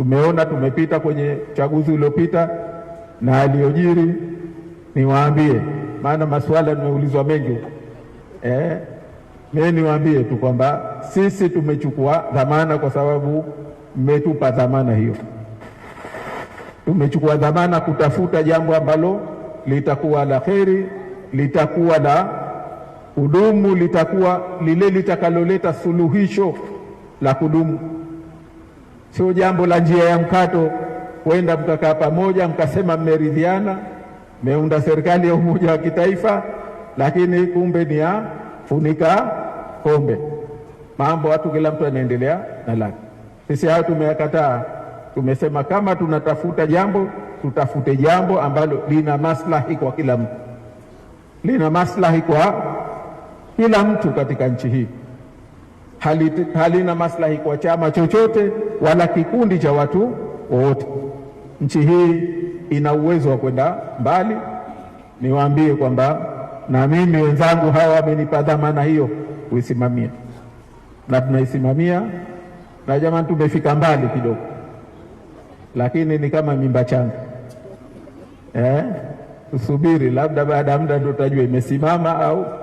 Tumeona tumepita kwenye uchaguzi uliopita na aliyojiri, niwaambie, maana masuala nimeulizwa mengi eh, mimi niwaambie tu kwamba sisi tumechukua dhamana, kwa sababu mmetupa dhamana hiyo. Tumechukua dhamana kutafuta jambo ambalo litakuwa la kheri, litakuwa la kudumu, litakuwa lile litakaloleta suluhisho la kudumu sio jambo la njia ya mkato kwenda mkakaa pamoja mkasema mmeridhiana, mmeunda serikali ya umoja wa kitaifa, lakini kumbe ni ya funika kombe. Mambo watu, kila mtu anaendelea na lake. Sisi hayo tumeyakataa. Tumesema kama tunatafuta jambo, tutafute jambo ambalo lina maslahi kwa kila mtu, lina maslahi kwa kila mtu katika nchi hii, halina maslahi kwa chama chochote wala kikundi cha watu wote. Nchi hii ina uwezo wa kwenda mbali. Niwaambie kwamba na mimi wenzangu hawa wamenipa dhamana hiyo kuisimamia, na tunaisimamia na jamani, tumefika mbali kidogo, lakini ni kama mimba changa eh? Tusubiri labda baada ya muda ndio utajua imesimama au